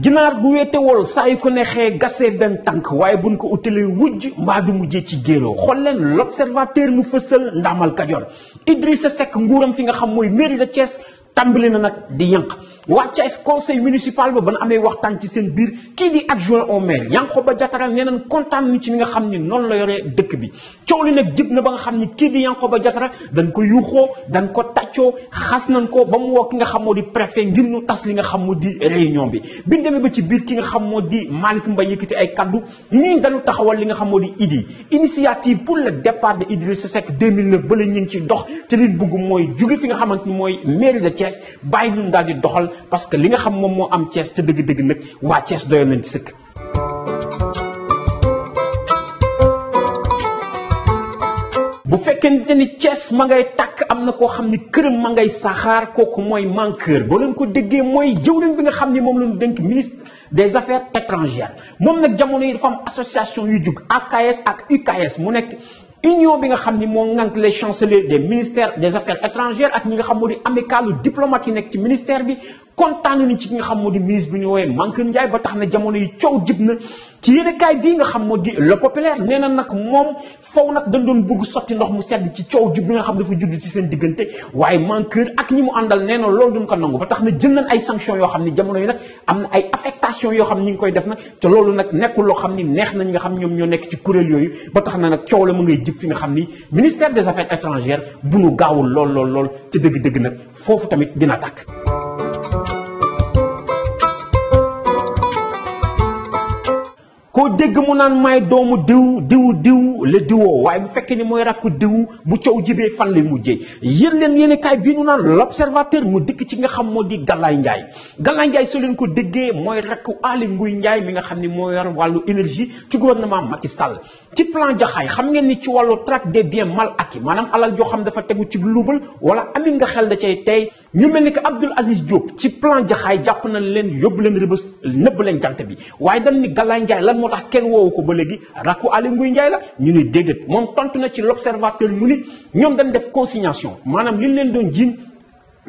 ginaar gu weete wol saa yu ko neexee gasee benn tànk waaye buñ ko utalee wujj mbaa du mujjee ci géeroo xool leen l'observateur mu fësal ndaamal Kajoor sa sekk nguuram fi nga xam mooy mairie de cees tàmbali na nag di yànq wàccaes conseil municipal ba ba na amee waxtaan ci seen biir kii di adjoint au maire Yankhoba Diattara nee nañ kontaan ni ci ni nga xam ni noonu la yoree dëkk bi coow li nag jib na ba nga xam ni kii di Yankhoba Diattara dañ ko yuuxoo dañ ko tàccoo xas nañ ko ba mu woo ki nga xam moo di préfet ngir ñu tas li nga xam moo di réunion bi biñ demee ba ci biir ki nga xam moo di Malick Mbaye yëkkati ay kaddu nii dañu taxawal li nga xam moo di IDI initiative pour le départ de Idrissa Seck 2009 ba la ñu ngi ci dox te liñ bëgg mooy jóge fi nga xamante ni mooy mairie de Thiès bàyyi ñun daal di doxal parce que li nga xam moom moo am Thiès te dëgg-dëgg nag waa Thiès doyoon nañ ci sëkk. bu fekkente ni Thiès ma ngay takk am na koo xam ni këram ma ngay saxaar kooku mooy Mankeur boo leen ko déggee mooy jëwriñ bi nga xam ni moom la ñu dénk ministre des affaires étrangères moom nag jamono yi dafa am association yu jug AKS ak UKS mu nekk. union bi nga xamni mo ngank les chanceliers des ministères des affaires étrangères ak ñi nga xam modi di amicalu diplomate nekk ci ministère bi contane nañu ci nga xam modi di ministre bi ñu woy manke Ndiaye ba tax na jamono yi ciow jib na ci kay bi nga xam mo di le populaire nee na mom faw nak dañ doon bëgg soti ndox mu sedd ci ciow ju bi nga xam dafa judd ci seen diggante waaye Mankeur ak ñi mu andal nee na loolu duñ ko nangu ba tax na jël nañ ay sanctions yo xamni jamono yi nak am na ay affectation yo xamni ngi koy def nak te loolu nak nekkul lo xamni neex nañ nga xam ñom ñoo nekk ci kuréel yoyu ba tax na nak ciow la mu ngay jib fi nga ministère des affaires étrangères bu nu gaawul lool lool lool te dëgg-dëgg nag foofu tamit dina tàkk koo dégg mu naan maay doomu diw diw diw la diwoo waaye bu fekkee ni mooy rakku diw bu coow jibee fan la mujjee yéen leen yéen kaay bii ñu naan l'observateur mu dikk ci nga xam moo di Galaye Ndiaye Galaye Ndiaye soo leen ko déggee mooy rakku Aly Ngouille mi nga xam ni moo yor wàllu énergie ci gouvernement Macky Sall ci plan jaxaay xam ngeen ni ci wàllu traque des biens mal acquis maanaam alal joo xam dafa tegu ci luubal wala amit nga xel da cay tey ñu mel ni que Abdoul Aziz Diop ci plan jaxaay jàpp nañ leen yóbbu leen rëbës nëbb leen jant bi waaye dañ ni Galaye Ndiaye lan moo tax kenn woowu ko ba léegi rakku Aly Ngouille Ndiaye la ñu ni déedéet moom tontu na ci l'observateur mu ni ñoom dan def consignation maanaam li leen doon jiiñ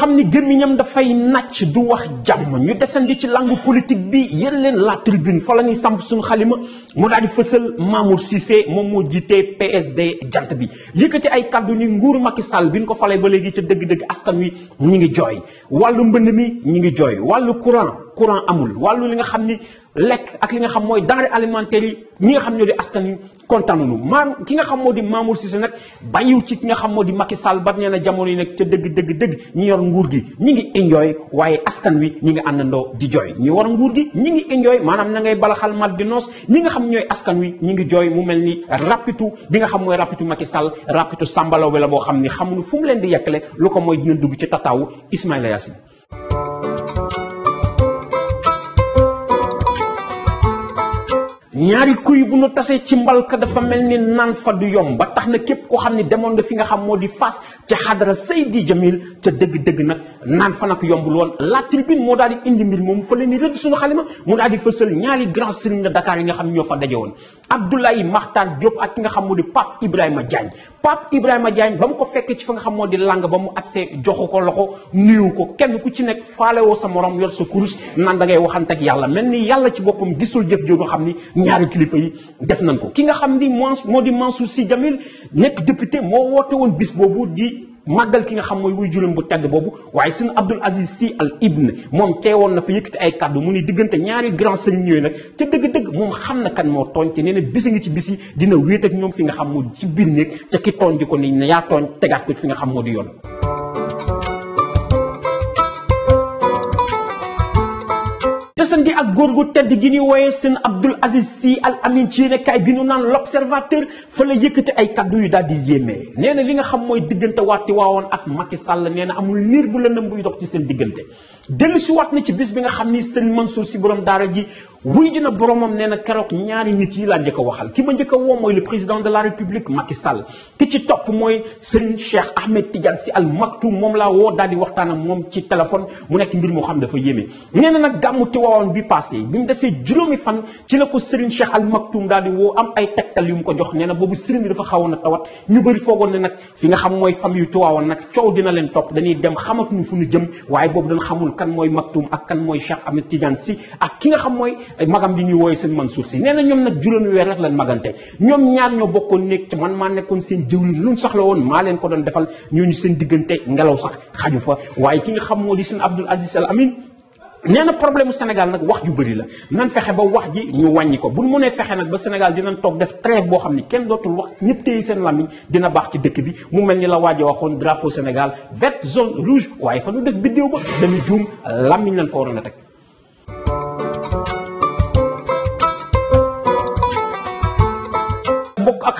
xam ni gémmiñam dafay nac du wax jàmm ñu desandi ci langue politique bi yéen leen la tribune fa la ñuy samp suñu xalima moo daal di fësal Mamour Cissé moom moo jiite PSD jant bi yëkkati ay kàddu ni nguur Macky Sall bi ñu ko falee ba léegi ca dëgg-dëgg askan wi ñu ngi jooy wàllu mbënn mi ñu ngi jooy wàllu courant courant amul wàllu li nga xam ni lekk ak li nga xam mooy denrée alimentaire yi ñi nga xam ñoo di askan wi kontaanunu maam ki nga xam moo di Mamour Cissé nag bàyyiw ci ki nga xam moo di Macky Sall ba nee na jamono yi nag ca dëgg dëgg dëgg ñi yor nguur gi ñi ngi enjoy waaye askan wi ñi ngi àndandoo di jooy ñi war nguur gi ñi ngi enjoy maanaam na ngay balaxal mat di noos ñi nga xam ñooy askan wi ñi ngi jooy mu mel ni rapitu bi nga xam mooy rapitu Macky Sall rapitu sàmbalaw bi la boo xam ni xamuñu fu mu leen di le lu ko mooy dina dugg ci tataawu Ismaïla Yassine ñaari kuy bu nu tasee ci mbalka dafa mel ni naan fa du yomb ba tax na képp koo xam ni demoon nga fi nga xam moo di Fass ca xadara di Jamil ca dëgg-dëgg nag naan fa nag yombul woon la tribune moo daal di indi mbir moomu fa leen di rëdd suñu xalima mu daal di fësal ñaari grand sëriñ de Dakar yi nga xam ñoo fa daje woon Abdoulaye Makhtar Diop ak ki nga xam moo di Pape Ibrahima Diagne Pape Ibrahima Diagne ba mu ko fekkee ci fa nga xam moo di lang ba mu agsee joxu ko loxo nuyu ko kenn ku ci nekk faalewoo sa moroom yor sa kurus naan da ngay waxante ak yàlla mel ni yàlla ci boppam gisul jëf joo nga xam ni ñaari kilifa yi def nañ ko ki nga xam ni moo moo di Mansour Sy Djamil nekk député moo woote woon bis boobu di magal ki nga xam moy wuy juróom bu tedd bobu waaye seigne Abdul Aziz si Al Ibn mom teewon na fa yekuti ay kàddu mu ne diggante ñaari grand seigne ñoy nak te deug deug mom xam na kan mo tooñ te nee bisi nga ci bisi dina wete ak ñom fi nga xam mo ci biir néeg ca ki tooñ di ko ni ya tooñ tegaat ko fi nga xam mo di yoon desandi ak góor gu tedd gi ñuy wooyee seen Abdoul Aziz Sy Al Amine fa la yëkkati ay kaddu yu daal di yéemee nee na nga xam mooy diggante waati waawoon ak Macky Sall nee na amul niir bu lëndëm buy dox ci seen diggante dellu si waat na ci bis bi nga xam ni sëriñ Mansour si borom daara ji wuy dina boromam nee na keroog ñaari nit yi laa njëkk a waxal ki ma njëkk a woo mooy le président de la république Macky Sall ki ci topp mooy sëriñ Cheikh Ahmed Tidiane si Al Maktoum moom laa woo daal di waxtaan ak moom ci téléphone mu nekk mbir moo xam dafa yéeme nee nag gàmmu Tiwaawan woon bi passé bi mu desee juróomi fan ci la ko Serigne Cheikh Al Maktoum daal di woo am ay tegtal yu mu ko jox nee na boobu Serigne bi dafa xawoon a tawat ñu bëri foogoon ne nag fi nga xam mooy famille yu tuwaawoon nag coow dina leen topp dañuy dem xamatuñu fu ñu jëm waaye boobu dañ xamul kan mooy Maktoum ak kan mooy Cheikh Ahmed Tidiane Sy nga xam mooy magam bi ñuy wooye seen Mansour si nee na ñoom nag juróomi weer rek lañ magante ñoom ñaar ñoo bokkoon nekk ci man maa nekkoon seen lu luñ soxla woon maa leen ko doon defal ñooñu seen diggante ngelaw sax xaju fa waaye ki nga xam moo di seen Abdoul Aziz Al nee na problème mu Sénégal nag wax ju bëri la nan fexe ba wax ji ñu wàññi ko bu ñu mënee fexe nag ba Sénégal dinañ toog def trêve boo xam ni kenn dootul wax ñëpp téye seen làmmiñ dina baax ci dëkk bi mu mel ni la waaje waxoon drapeau Sénégal vert zone rouge waaye fa ñu def biddéew ba dañu juum làmmiñ lañ fa waroon a teg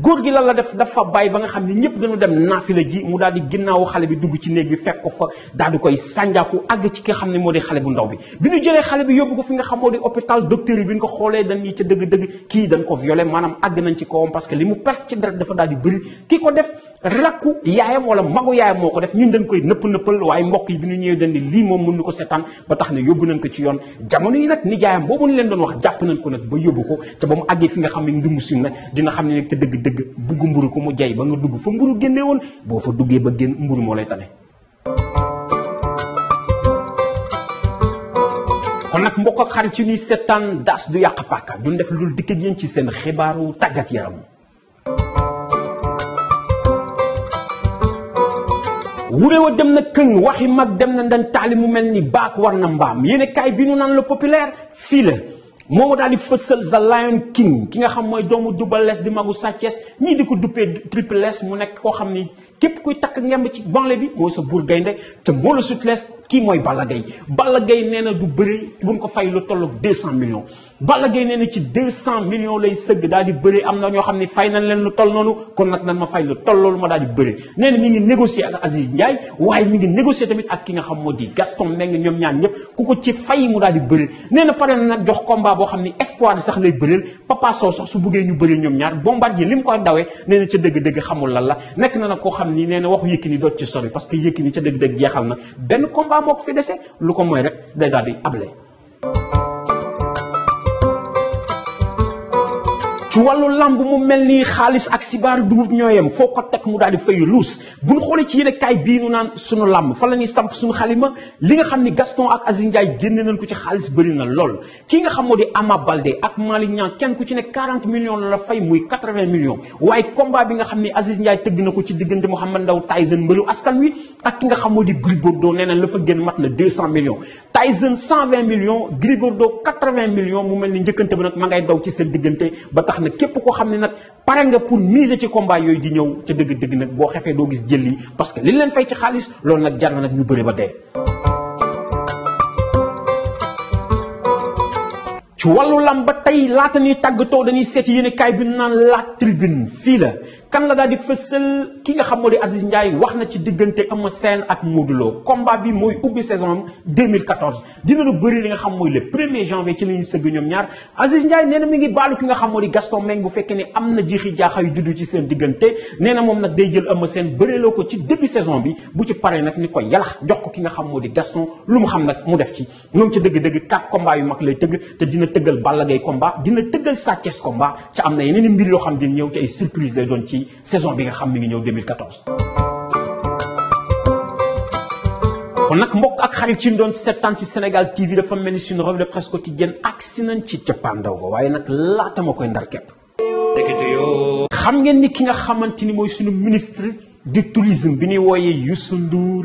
góor gi lan la def dafa bàyyi ba nga xam ne ñëpp dañu dem naafila ji mu daal di ginnaawu xale bi dugg ci néeg bi fekk ko fa daal di koy sànjaafu àgg ci ki xam ne moo di xale bu ndaw bi bi ñu jëlee xale bi yóbbu ko fi nga xam moo di hôpital docteur yi bi ñu ko xoolee dañuy ca dëgg-dëgg kii dañ moo ko def ñun dañ koy nëpp nëppal waaye mbokk yi bi ñu ñëwee ne lii moom ko seetaan ba tax ne yóbbu nañ ko ci yoon jamono yi nag nijaayam boobu ko nag ba yóbbu ko te mu ne dina xam ne nag te dëgg dëgg bugg mburu ko mu jay ba nga dugg fa mburu génne woon boo fa duggee ba génn mburu moo lay tane kon nag mbokk ak xarit yi ñuy seetaan daas du yàq pàkka du def lu dikk ak ci seen xibaaru tàggat yaram wuré wa dem na këng waxi mag dem na ndan taali mu mel ni baak war na mbaam yéen kaay nu naan la populaire fii la moomu daal di fësal The Lion King ki nga xam mooy doomu Double Less di magu Sa Thiès di ko duppee Triple Less mu nekk koo xam ni képp kuy takk ngemb ci banle bi mooy sa buur gaynde te moo la sutlees kii mooy Balla Gaye Balla Gaye nee du bëri buñ ko fay lu tolloog 200 millions Balla Gaye nee na ci 200 millions lay sëgg daal bëri am na ñoo xam ne fay nañ leen lu toll noonu kon nag ma fay lu toll loolu ma daal di bëri nee na mi ngi négocier ak Aziz Ndiaye waaye mi ngi négocier ki nga xam moo di Gaston Mbengue ñoom ñaan ñëpp ku ko ci fay mu daal di boo xam ne espoir di sax lay bëril Papa ñu bëri ñoom ñaar bombardier li mu koy dawee nee dëgg-dëgg xamul lan la nekk na nag koo xam xam ni nee na waxu Yékini doot ci sori parce que Yékini ca dëgg-dëgg jeexal na benn combat moo ko fi dese lu ko mooy rek day daal able ci wàllu lamb mu mel ni xaalis ak sibaar dugub ñoo yem foo ko teg mu daal di fay ruus bu ñu xoolee ci yéen kaay bii nu naan sunu lamb fa la ñuy samp sunu xalima li nga xam ni Gaston ak Aziz Ndiaye génne nañ ko ci xaalis bëri na lool ki nga xam moo di Ama Baldé ak Malick Niang kenn ku ci ne 40 la la fay muy 80 millions waaye combat bi nga xam ni Aziz Ndiaye tëgg na ko ci diggante Mouhamed Ndao Tyson mbëru askan wi ak ki nga xam moo di Gris Bordeaux nee na la fa génn mat na 200 millions Tyson 120 millions Gris Bordeaux 80 millions mu mel ni njëkkante seen diggante ba tax nag képp koo xam ne nag pare nga pour miser ci combat yooyu di ñëw ca dëgg-dëgg nag boo xefee doo gis jël li parce que li leen fay ci xaalis lool nag jar na nag ñu bëri ba dee ci walu lam ba tey laata ñuy tàggatoo dañuy seeti yéen kaay bi nan la tribune fii la kan la daal di ki nga xam modi Aziz Ndiaye waxna ci digeunte am sen ak modulo combat bi moy ubi saison 2014 dina lu beuri li nga xam moy le 1er janvier ci la ñuy sëgg ñoom ñaar Aziz Ndiaye nee mi ngi balu ki nga xam modi Gaston meng bu fekkee ne am na jiixi jaaxa ci sen digeunte nee mom nak day jël am sen bëreeloo ko ci début saison bi bu ci paré nak ni ko yalax jox ko ki nga xam modi Gaston lu mu xam nak mu def ci ñom ci deug deug quatre combat yu mak lay tëgg te dina tëggal Balla Gaye combat dina tëggal Sa Thiès combat ca am na yeneen mbir yoo xam dina ñëw ci ay surprise lay doon ci saison bi nga xam mi ngi ñëw 2014. kon nag mbokk ak xarit ci doon ci Sénégal TV dafa mel ci cappaandaw waaye nag laata ma koy ndar képp. xam ngeen ni ki nga xamante ni mooy suñu ministre du tourisme bi ñuy wooyee Youssou Ndour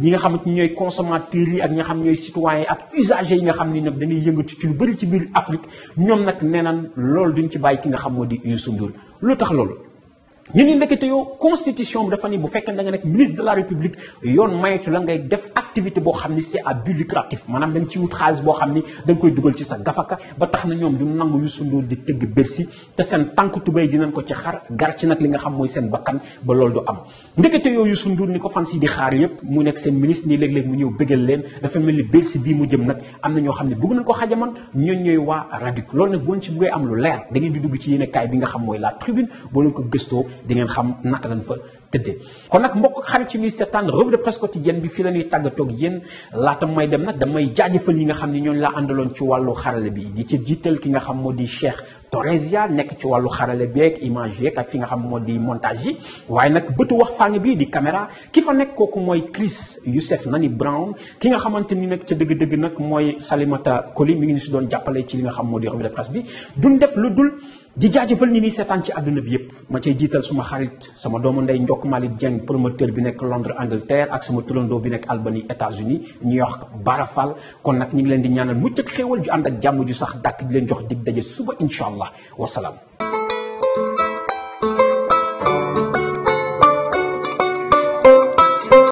ñi nga xam ne ñooy consommateurs yi ak ñi nga xam ñooy citoyens ak usagers yi nga xam ni nag dañuy yëngatu ci lu bëri ci biir Afrique ñoom nag nee naan loolu duñ ci bàyyi ki nga xam moo di Youssou Ndour lu tax loolu ñu ni yo constitution dafa ni bu fekk da nga nek ministre de la république yon mayetu la ngay def activité bo xamni c'est mana à but lucratif manam dañ ci wut xaliss bo xamni ni koy duggal ci sa gafaka ba tax na ñom du nangu yu sundoo di tëgg bersi te seen tànk tubéy dinañ ko ci xar gar ci nak li nga xam moy sen bakkan ba lol du am nekete yo yu sundur ni ko fan si di xaar yep mu nek sen ministre ni leg leg mu ñew leen dafa melni ni bersi bi mu jëm nak amna ño xamni bëgg nañ ko xajaman ñoon ñooy waa radik loolu nag boon ci bëggee am lu leer da di dugg ci yene kay bi nga xam moy la tribune bo leen ko gesto di ngeen xam naka lañ fa tëddee kon nag mbokk xarit ci ñuy seetaan revue de presse quotidienne bi fii la ñuy tàggatoog yéen laata may dem nag damay jaajëfal ñi nga xam ni ñooñu laa àndaloon ci wàllu xarale bi di ci jiiteel ki nga xam moo di Cheikh Toresia nek ci walu xarale beeg image yeeg ak fi nga xam moo di montage yi waaye nag wax fang bi di caméra ki fa nek koku moy Chris Youssef Nani Brown ki nga xamanteni ni ci deug deug nak moy Salimata Koli mi ngi ñu doon jàppale ci li nga xam moo di revue de presse bi duñ def lu dul di jajeufal ni ni ci aduna bi yep ma cey jital suma xarit sama doomu ndey ndok malik Dieng promoteur bi nek Londres Angleterre ak sama turandoo bi nek albany États-Unis New York Barafal kon nak ñi ngi leen di ñaanal mucc ak xewal ju and ak jamm ju sax dak di leen jox dig daje suba inshallah الله والسلام